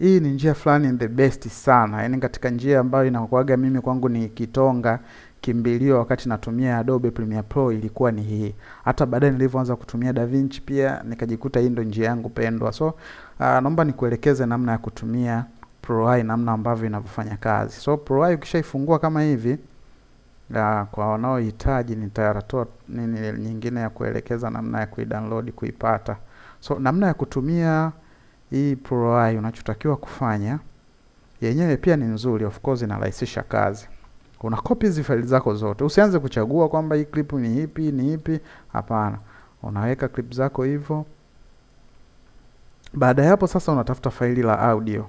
hii ni njia fulani the best sana, yaani katika njia ambayo inakuaga mimi kwangu ni kitonga kimbilio wakati natumia Adobe Premiere Pro ilikuwa ni hii. Hata baadaye nilivyoanza kutumia DaVinci pia nikajikuta hii ndo njia yangu pendwa. So uh, naomba nikuelekeze namna ya kutumia Pro AI, namna ambavyo inavyofanya kazi. So Pro AI ukishaifungua kama hivi uh, kwa wanaohitaji nitatoa nini nyingine ya kuelekeza namna ya kuidownload kuipata. So namna ya kutumia hii Pro unachotakiwa kufanya, yenyewe pia ni nzuri, of course inarahisisha kazi. Una copy hizi faili zako zote, usianze kuchagua kwamba hii clip ni ipi ni ipi. Hapana, unaweka clip zako hivyo. Baada ya hapo sasa, unatafuta faili la audio.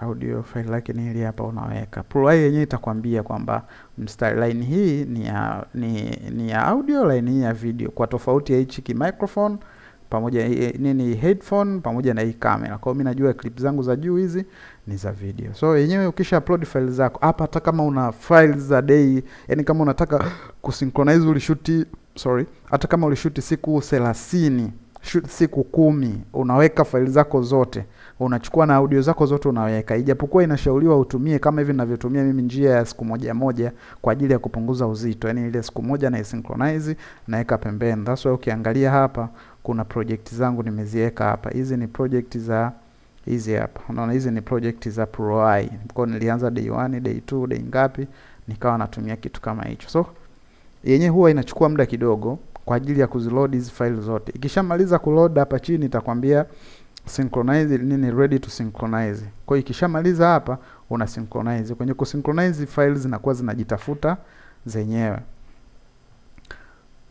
Audio faili lake ni hili hapa, unaweka Pro yenyewe itakwambia kwamba mstari line hii ni ya, ni, ni ya audio, line hii ya video, kwa tofauti ya hichi kimicrophone microphone pamoja nini headphone pamoja na hii kamera. Kwa hiyo mimi najua clip zangu za juu hizi ni za video. So yenyewe ukisha upload file zako hapa, hata kama una files za day, yani kama unataka kusynchronize ulishuti, sorry, hata kama ulishuti siku 30 shoot siku kumi, unaweka faili zako zote, unachukua na audio zako zote unaweka, ijapokuwa inashauriwa utumie kama hivi ninavyotumia mimi, njia ya siku moja moja kwa ajili ya kupunguza uzito. Yani ile siku moja na isynchronize naweka pembeni. That's why ukiangalia hapa kuna project zangu nimeziweka hapa. Hizi ni project za hizi hapa, unaona hizi ni project za ProAI. Kwa nilianza day 1, day 2, day ngapi, nikawa natumia kitu kama hicho. So yenye huwa inachukua muda kidogo kwa ajili ya kuziload hizi file zote. Ikishamaliza kuload hapa chini itakwambia synchronize nini, ready to synchronize. Kwa hiyo ikishamaliza hapa una synchronize. Kwenye kusynchronize files zinakuwa zinajitafuta zenyewe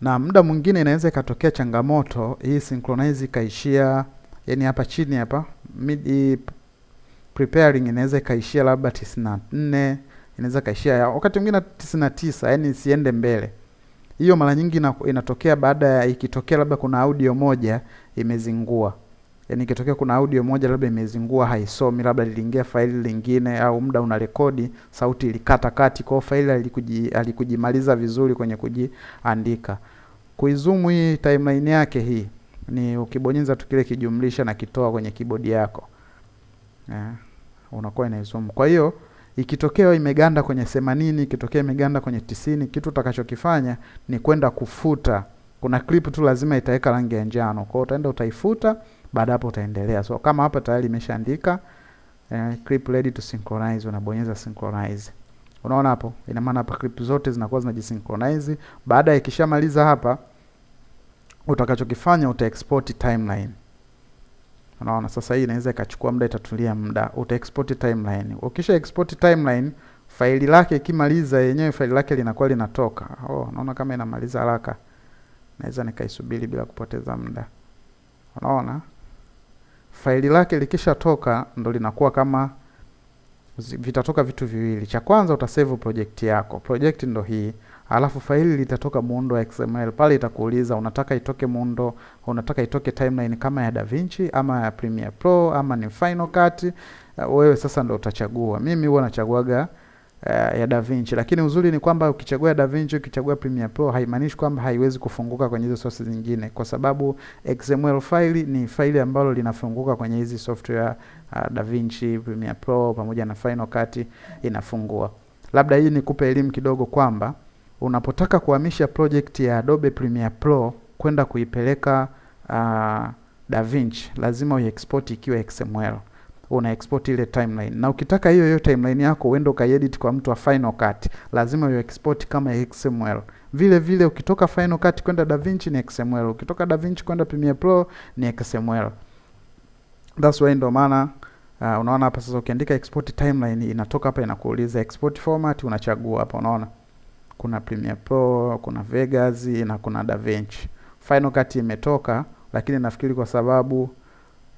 na muda mwingine inaweza ikatokea changamoto hii synchronize ikaishia, yani hapa chini hapa mid preparing inaweza ikaishia labda tisini na nne inaweza ikaishia wakati mwingine tisini na tisa yani isiende mbele. Hiyo mara nyingi inatokea baada ya ikitokea labda kuna audio moja imezingua yani ikitokea kuna audio moja labda imezingua haisomi, labda liliingia faili lingine au muda unarekodi sauti ilikata kati, kwa faili alikujimaliza vizuri kwenye kujiandika. Kuizumu hii timeline yake hii ni ukibonyeza tu kile kijumlisha na kitoa kwenye kibodi yako yeah, unakuwa inaizumu. Kwa hiyo ikitokea imeganda kwenye themanini, ikitokea imeganda kwenye tisini, kitu utakachokifanya ni kwenda kufuta kuna clip tu lazima itaweka rangi ya njano. Kwa hiyo utaenda utaifuta, baada hapo utaendelea. So kama hapa tayari imeshaandika eh, clip ready to synchronize, unabonyeza synchronize. Unaona hapo, ina maana hapa clip zote zinakuwa zinajisynchronize. Baada ikishamaliza hapa, utakachokifanya uta export timeline. Unaona sasa, hii inaweza ikachukua muda, itatulia muda. Uta export timeline. Ukisha export timeline, faili lake ikimaliza yenyewe faili lake linakuwa linatoka. Oh, naona kama inamaliza haraka naweza nikaisubiri bila kupoteza muda. Unaona, faili lake likishatoka ndo linakuwa kama vitatoka vitu viwili. Cha kwanza utasave project yako, project ndo hii, alafu faili litatoka muundo wa XML. Pale itakuuliza unataka itoke muundo, unataka itoke timeline kama ya DaVinci ama ya Premiere Pro ama ni Final Cut. Wewe sasa ndo utachagua. Mimi huwa nachaguaga uh, ya DaVinci, lakini uzuri ni kwamba ukichagua DaVinci, ukichagua Premiere Pro haimaanishi kwamba haiwezi kufunguka kwenye hizo sources zingine, kwa sababu XML file ni faili ambalo linafunguka kwenye hizi software uh, ah, DaVinci, Premiere Pro pamoja na Final Cut inafungua. Labda hii nikupe elimu kidogo kwamba unapotaka kuhamisha project ya Adobe Premiere Pro kwenda kuipeleka uh, ah, DaVinci lazima uiexport ikiwa XML una export ile timeline, na ukitaka hiyo hiyo timeline yako uende ukaedit kwa mtu wa Final Cut, lazima u export kama XML. Vile vile ukitoka Final Cut kwenda DaVinci ni XML, ukitoka DaVinci kwenda Premiere Pro ni XML. That's why ndo maana uh, unaona hapa sasa, ukiandika export timeline inatoka hapa, inakuuliza export format, unachagua hapa, unaona kuna Premiere Pro, kuna Vegas na kuna DaVinci. Final Cut imetoka, lakini nafikiri kwa sababu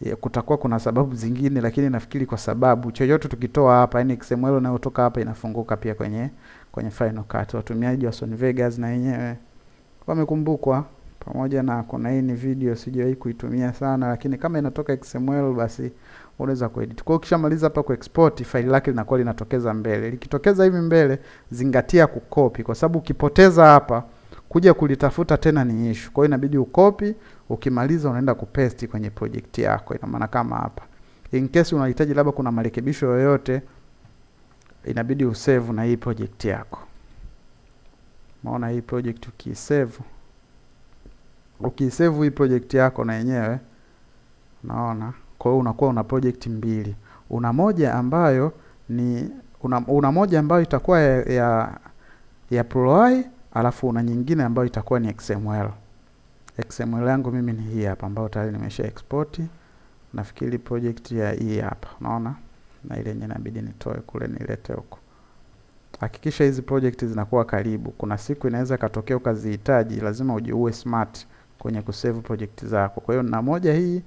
Eh, kutakuwa kuna sababu zingine, lakini nafikiri kwa sababu chochote tukitoa hapa, yani XML inayotoka hapa inafunguka pia kwenye kwenye Final Cut. Watumiaji wa Sony Vegas na yenyewe wamekumbukwa, pamoja na kuna hii ni video sijawahi kuitumia sana, lakini kama inatoka XML basi unaweza kuedit. Kwa ukishamaliza hapa ku export faili lake linakuwa linatokeza mbele. Likitokeza hivi mbele, zingatia kukopi, kwa sababu ukipoteza hapa kuja kulitafuta tena ni issue. Kwa hiyo inabidi ukopi, ukimaliza unaenda kupesti kwenye project yako. Ina maana kama hapa, in case unahitaji labda kuna marekebisho yoyote, inabidi usave na hii project yako. Maona hii project ukisave, ukisave hii project yako na yenyewe unaona. Kwa hiyo unakuwa una project mbili, una moja ambayo ni una, una moja ambayo itakuwa ya, ya, ya alafu una nyingine ambayo itakuwa ni XML. XML yangu mimi ni hii hapa ambayo tayari nimesha export. Nafikiri project ya hii hapa. Unaona? Na ile yenyewe inabidi nitoe kule nilete huko. Hakikisha hizi project zinakuwa karibu. Kuna siku inaweza katokea ukazihitaji, lazima ujiue smart kwenye kusave project zako. Kwa hiyo na moja hii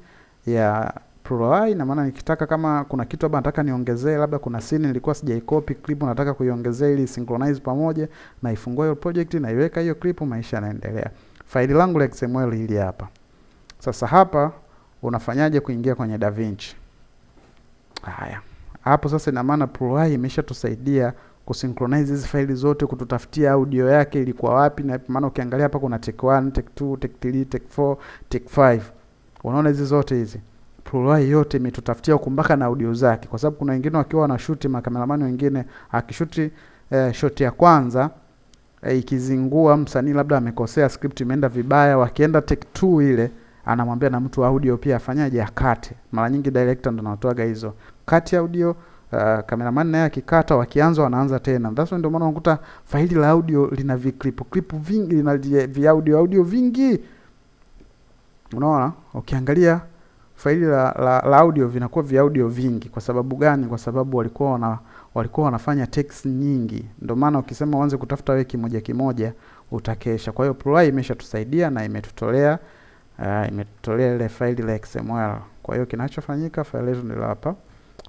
ya plural ina maana nikitaka kama kuna kitu labda nataka niongezee, labda kuna scene nilikuwa sijaicopy clip nataka kuiongezea ili synchronize pamoja, na ifungue hiyo project, na iweka hiyo clip, maisha yanaendelea. Faili langu la XML hili hapa. Sasa hapa unafanyaje kuingia kwenye DaVinci? Haya. Hapo sasa ina maana plural imeshatusaidia kusynchronize hizi faili zote, kututafutia audio yake ilikuwa wapi, na maana ukiangalia hapa kuna take 1, take 2, take 3, take 4, take 5. Unaona hizi zote hizi tuliwahi yote imetutafutia huku mpaka na audio zake, kwa sababu kuna wengine wakiwa wanashuti, makameramani wengine akishuti eh, shoti ya kwanza eh, ikizingua msanii labda amekosea, script imeenda vibaya, wakienda take two ile anamwambia na mtu audio pia afanyaje, akate. Mara nyingi director ndo anatoaga hizo kati ya audio Uh, eh, kameraman naye akikata, wakianza wanaanza tena. That's why ndio maana unakuta faili la audio lina viclip clip vingi, lina vi audio audio vingi, unaona ukiangalia faili la, la, la audio vinakuwa vya audio vingi. Kwa sababu gani? Kwa sababu walikuwa wana, walikuwa wanafanya text nyingi, ndio maana ukisema uanze kutafuta wewe kimoja kimoja utakesha. Kwa hiyo Plurai imeshatusaidia na imetutolea uh, imetutolea ile faili la XML. Kwa hiyo kinachofanyika faili hizo ndio hapa,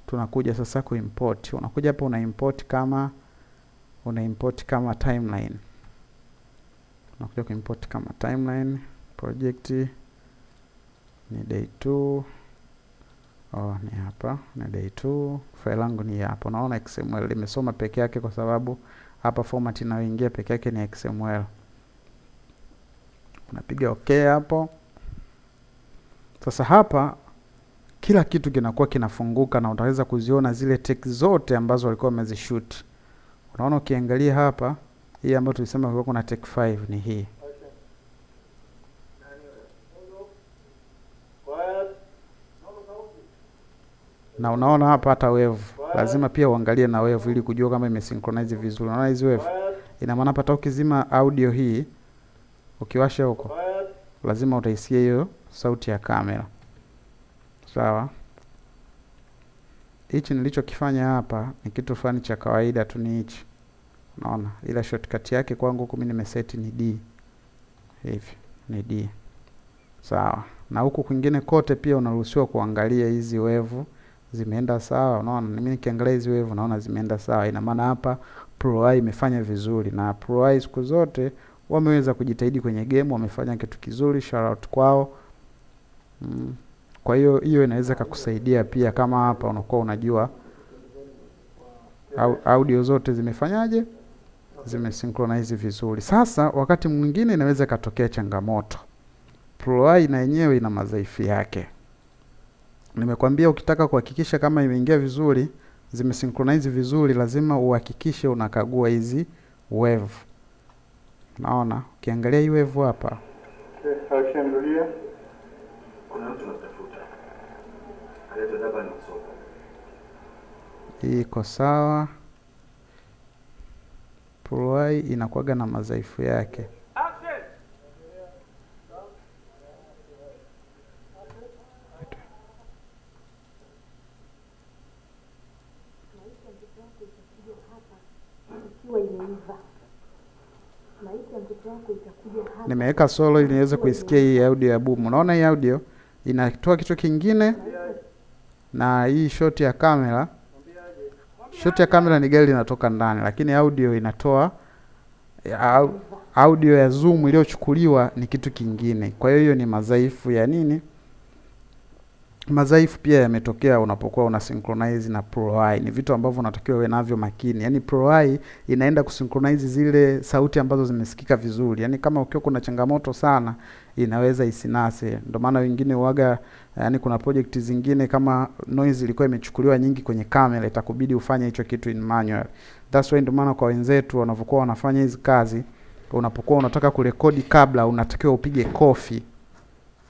tunakuja sasa kuimport. Unakuja hapa una import kama una import kama timeline, unakuja kuimport kama timeline project ni day 2 oh, ni hapa ni day 2 file yangu ni hapo. Naona XML limesoma peke yake kwa sababu hapa format inayoingia peke yake ni XML. Unapiga okay hapo. Sasa hapa kila kitu kinakuwa kinafunguka na utaweza kuziona zile text zote ambazo walikuwa wamezishoot. Unaona, ukiangalia hapa hii ambayo tulisema kulikuwa kuna text 5 ni hii. na unaona hapa hata wevu lazima pia uangalie na wevu ili kujua kama imesynchronize vizuri. Unaona hizi wevu, ina maana hapa ukizima audio hii ukiwasha huko, lazima utaisikia hiyo sauti ya kamera. Sawa, hichi nilichokifanya hapa ni kitu fulani cha kawaida tu, ni hichi unaona, ila shortcut yake kwangu huku mimi nimeseti ni D hivi, ni D. Sawa, na huku kwingine kote pia unaruhusiwa kuangalia hizi wevu zimeenda sawa. Unaona, mimi nikiangalia hizi wave naona zimeenda sawa, ina maana hapa Pro imefanya vizuri, na Pro siku zote wameweza kujitahidi kwenye game, wamefanya kitu kizuri, shout out kwao. Mm. Kwa hiyo hiyo inaweza kukusaidia pia, kama hapa unakuwa unajua audio zote zimefanyaje, zimesynchronize vizuri. Sasa wakati mwingine inaweza ikatokea changamoto, Pro na yenyewe ina madhaifu yake nimekwambia ukitaka kuhakikisha kama imeingia vizuri, zimesynchronize vizuri, lazima uhakikishe unakagua hizi wave. Naona ukiangalia hii wave hapa iko sawa. Puluai inakuwaga na madhaifu yake. nimeweka solo ili niweze kuisikia hii audio ya boom. Unaona hii audio inatoa kitu kingine, na hii shoti ya kamera, shoti ya kamera ni gari linatoka ndani, lakini audio inatoa audio ya zoom iliyochukuliwa ni kitu kingine. Kwa hiyo hiyo ni madhaifu ya nini madhaifu pia yametokea unapokuwa una synchronize na ProI. Ni vitu ambavyo unatakiwa uwe navyo makini. Yaani ProI inaenda kusynchronize zile sauti ambazo zimesikika vizuri. Yaani kama ukiwa kuna changamoto sana inaweza isinase. Ndio maana wengine huaga, yaani kuna project zingine kama noise ilikuwa imechukuliwa nyingi kwenye kamera itakubidi ufanye hicho kitu in manual. That's why ndio maana kwa wenzetu wanavyokuwa wanafanya hizi kazi unapokuwa unataka kurekodi kabla unatakiwa upige kofi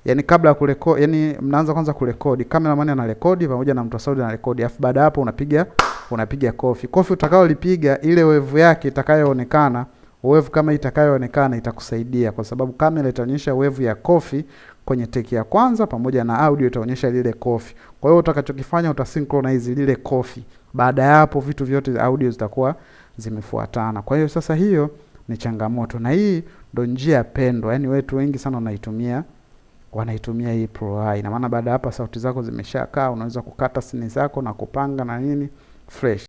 yani kabla ya kurekodi, yani mnaanza kwanza kurekodi, cameraman anarekodi pamoja na mtu wa sauti anarekodi, afu baada hapo unapiga unapiga kofi. Kofi utakayolipiga ile wevu yake itakayoonekana, wevu kama itakayoonekana itakusaidia, kwa sababu kamera itaonyesha wevu ya kofi kwenye teki ya kwanza, pamoja na audio itaonyesha lile kofi. Kwa hiyo utakachokifanya utasynchronize lile kofi. Baada ya hapo vitu vyote, audio zitakuwa zimefuatana. Kwa hiyo sasa, hiyo ni changamoto, na hii ndo njia pendwa, yani wetu wengi sana wanaitumia wanaitumia hii Pro AI. Ina maana baada ya hapa sauti zako zimeshakaa, unaweza kukata sini zako na kupanga na nini fresh.